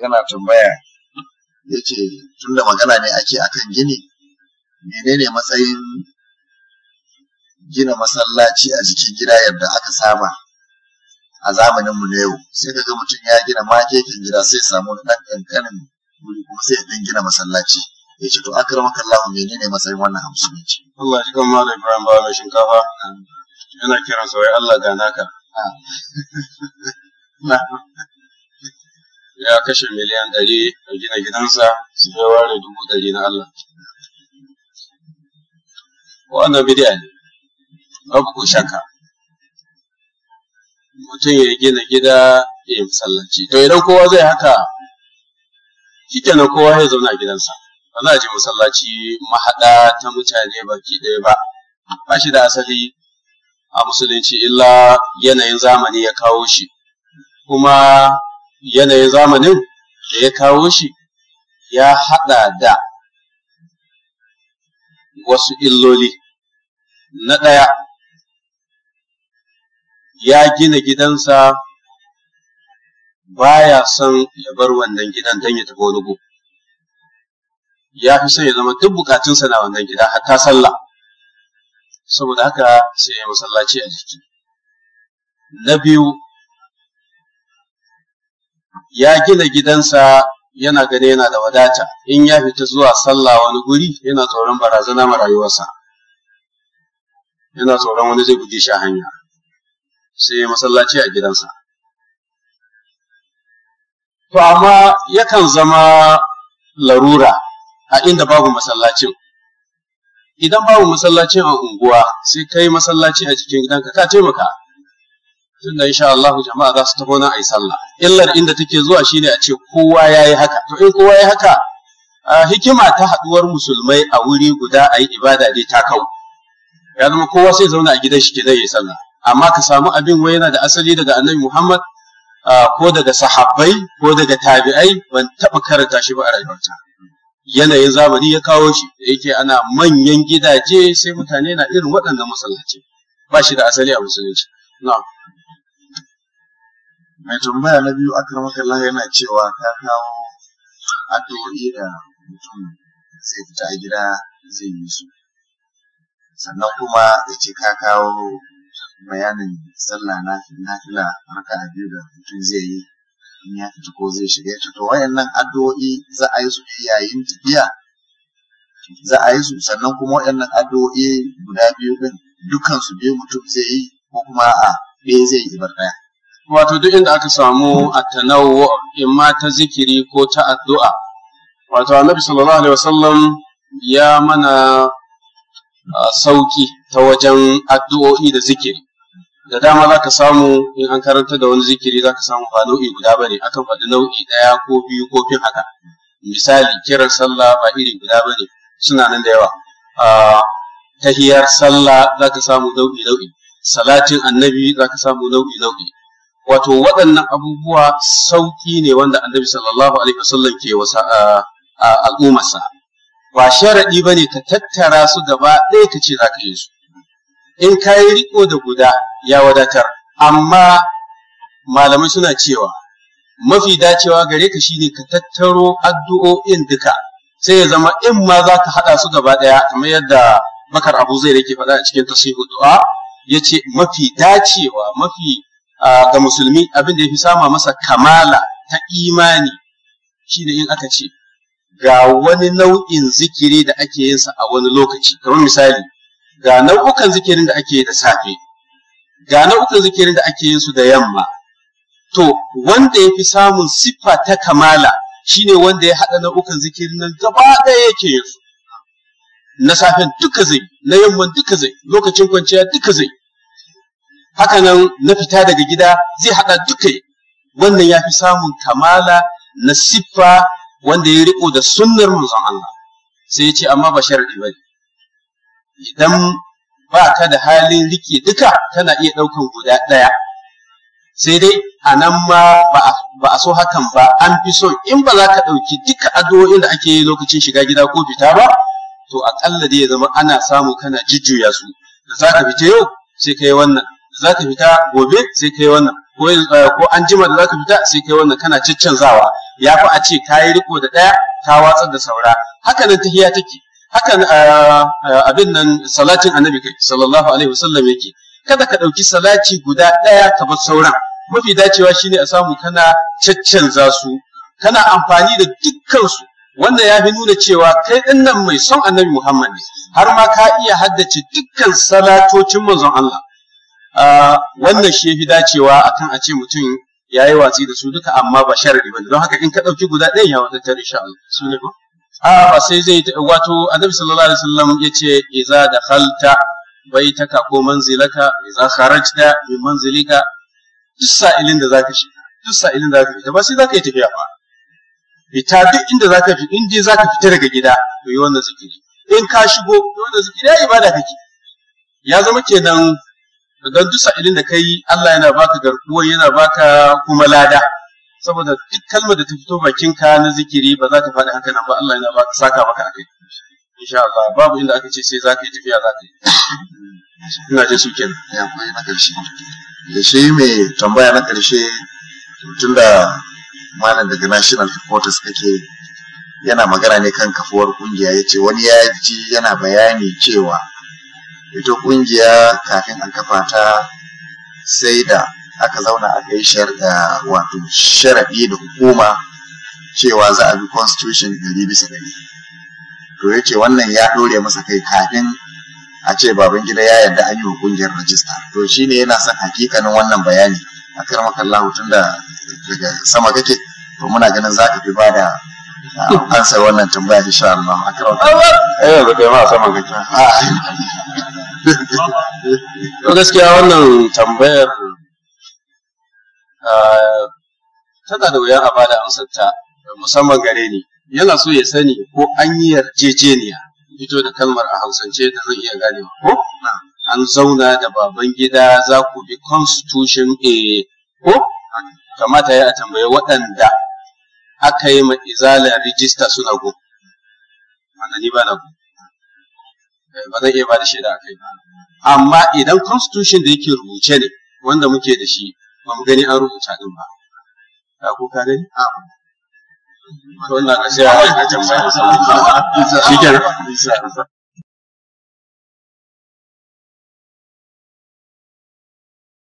yana tambaya ya ce tun da magana ne ake akan gini menene matsayin gina masallaci a jikin gida yadda aka saba a zamanin mu na yau sai kaga mutum ya gina makekin gida sai samu wani ɗan ƙanƙanin wuri kuma sai ya gina masallaci ya ce to akramaka Allah menene matsayin wannan hamsin ya ce Allah shi kan malam Ibrahim ba mai shinkafa yana kiran sauyi Allah ga ah. naka ya kashe miliyan ɗari a gina gidansa su ya ware dubu ɗari na Allah. Wannan bidiya ne, babu ko shakka. Mutum ya gina gida ya yi masallaci. To idan kowa zai haka, shi na kowa ya zauna gidansa. Ba za a je masallaci mahaɗa ta mutane baki ɗaya ba. Ba shi da asali a musulunci illa yanayin zamani ya kawo shi. Kuma yanayin zamanin da ya kawo shi ya haɗa da wasu illoli na ɗaya ya gina gidansa baya son ya bar wannan gidan don ya tafi wani ya fi son ya zama duk bukatunsa na wannan gida hatta sallah saboda haka sai ya masallaci a jiki na biyu ya gina gidansa yana gani yana da wadata in ya fita zuwa sallah wani guri yana tsoron barazana ma rayuwarsa yana tsoron wani zai guje shi hanya sai masallaci a gidansa to amma yakan zama larura a inda babu masallacin idan babu masallacin a unguwa sai kai masallaci a cikin gidanka ka taimaka tunda insha Allah jama'a za su taho na ayi sallah illar inda take zuwa shine a ce kowa yayi haka to in kowa yayi haka hikima ta haduwar musulmai a wuri guda ayi ibada dai ta kawo ya zama kowa sai zauna a gidan shi ke yayi sallah amma ka samu abin wai yana da asali daga Annabi Muhammad ko daga sahabbai ko daga tabi'ai ban taba karanta shi ba a rayuwarta yanayin zamani ya kawo shi da yake ana manyan gidaje sai mutane na irin waɗannan masallaci ba shi da asali a musulunci na'am mai tambaya na biyu aka makalla yana cewa ka kawo addu'o'i da mutum zai fita a gida zai yi su sannan kuma ya ce ka kawo bayanin sallah na nafila raka biyu da mutum zai yi in ya fita ko zai shiga ya to wayannan addu'o'i za a yi su yayin tafiya za a yi su sannan kuma wayannan addu'o'i guda biyu din dukkan su biyu mutum zai yi ko kuma a ɗaya zai yi ibar ɗaya wato duk inda aka samu at-tanawwu imma ta zikiri ko ta addu'a wato annabi sallallahu alaihi wasallam ya mana sauki ta wajen addu'o'i da zikiri da dama za ka samu in an karanta da wani zikiri za ka samu ba nau'i guda ba ne akan faɗi nau'i ɗaya ko biyu ko fin haka misali kiran sallah ba iri guda ba ne suna nan da yawa tahiyar sallah za ka samu nau'i nau'i salatin annabi za ka samu nau'i nau'i wato waɗannan abubuwa sauƙi ne wanda annabi sallallahu alaihi wasallam ke wasa a al'ummarsa ba sharaɗi ba ne ka tattara su gaba ɗaya ka ce za ka yi su in ka yi riko da guda ya wadatar amma malamai suna cewa mafi dacewa gare ka shine ka tattaro addu'o'in duka sai ya zama in ma za ka haɗa su gaba ɗaya kamar yadda bakar abu zai rake faɗa a cikin tasihu du'a ya ce mafi dacewa mafi ga musulmi abin da ya fi sama masa kamala ta imani shine in aka ce ga wani nau'in zikiri da ake yinsa a wani lokaci kamar misali ga nau'ukan zikirin da ake yi da safe ga nau'ukan zikirin da ake yinsu da yamma to wanda ya fi samun siffa ta kamala shine wanda ya haɗa nau'ukan zikirin nan gaba ɗaya yake yinsu na safen duka zai na yamman duka zai lokacin kwanciya duka zai Hakanan na fita daga gida zai haɗa duka wannan ya fi samun kamala na siffa wanda ya riko da sunnar manzon Allah sai ya ce amma ba sharadi ba idan ba ka da halin rike duka kana iya ɗaukan guda ɗaya sai dai a nan ma ba a so hakan ba an fi so in ba za ka ɗauki duka addu'o'in da ake yi lokacin shiga gida ko fita ba to aƙalla dai ya zama ana samu kana jujjuya su da za ka fita yau sai ka wannan za ka fita gobe sai kai wannan ko eh, ko an jima da za ka fita sai kai wannan kana ciccanzawa ya fi a ce ka yi riko da ɗaya ka watsar da saura haka nan tahiya take hakan eh, eh, abin nan salatin annabi kai sallallahu alaihi wasallam yake kada ka ɗauki salati guda ɗaya ka bar sauran mafi dacewa shine a samu kana caccanza su kana amfani da dukkan su wannan ya fi nuna cewa kai ɗin nan mai son annabi muhammad ne har ma ka iya haddace dukkan salatocin manzon Allah wannan shi fi dacewa akan a ce mutum ya yi watsi da su duka amma ba sharadi ba don haka in ka ɗauki guda ɗaya ya tare sha Allah su ne ba a ba sai zai wato annabi sallallahu alaihi wasallam ya ce idza dakhalta baitaka ko manzilaka idza kharajta min manzilika duk sa'ilin da zaka shiga duk sa'ilin da zaka fita ba sai zaka yi tafiya ba fita duk inda zaka fita in dai zaka fita daga gida to yi wannan zikiri in ka shigo wannan zikiri ya ibada kake ya zama kenan don duk sa'ilin da kai Allah yana baka garkuwa yana baka kuma lada saboda duk kalmar da ta fito bakinka na zikiri ba za ka faɗi haka nan ba Allah yana baka saka maka akai insha Allah babu inda aka ce sai za ka yi tafiya za ka yi ina jin su kenan yawa na karshe da shi mai tambaya na karshe tunda malam daga national headquarters kake yana magana ne kan kafuwar kungiya ya ce wani ya ji yana bayani cewa ita kungiya kafin a kafa ta sai da aka zauna a gaishar da wato sharaɗi da hukuma cewa za a bi constitution gari bisa gari. to ya ce wannan ya ɗore masa kai kafin a ce baban gida ya yarda an yi wa kungiyar rajista to shi ne yana son hakikanin wannan bayani a karmakan lahutun da daga sama kake to muna ganin za ka fi ba da an ah, sai wannan tambaya insha Allah a karmakan eh ba kai ma sama kake ah, to gaskiya wannan tambayar ah, tana da wuyan a bada amsarta musamman gare ni yana so ya sani ko an yi yarjejeniya fito da kalmar a hausance da zan iya gane ko an zauna da baban gida za ku bi constitution a eh, ko kamata ya tambaye waɗanda aka yi ma izala rijista suna go ni ba na go Eh, ba zan iya ba da shaida a kai amma idan constitution da yake rubuce ne wanda muke da shi ba mu gani an rubuta din ba ka kuka ne wannan a shi a shi kenan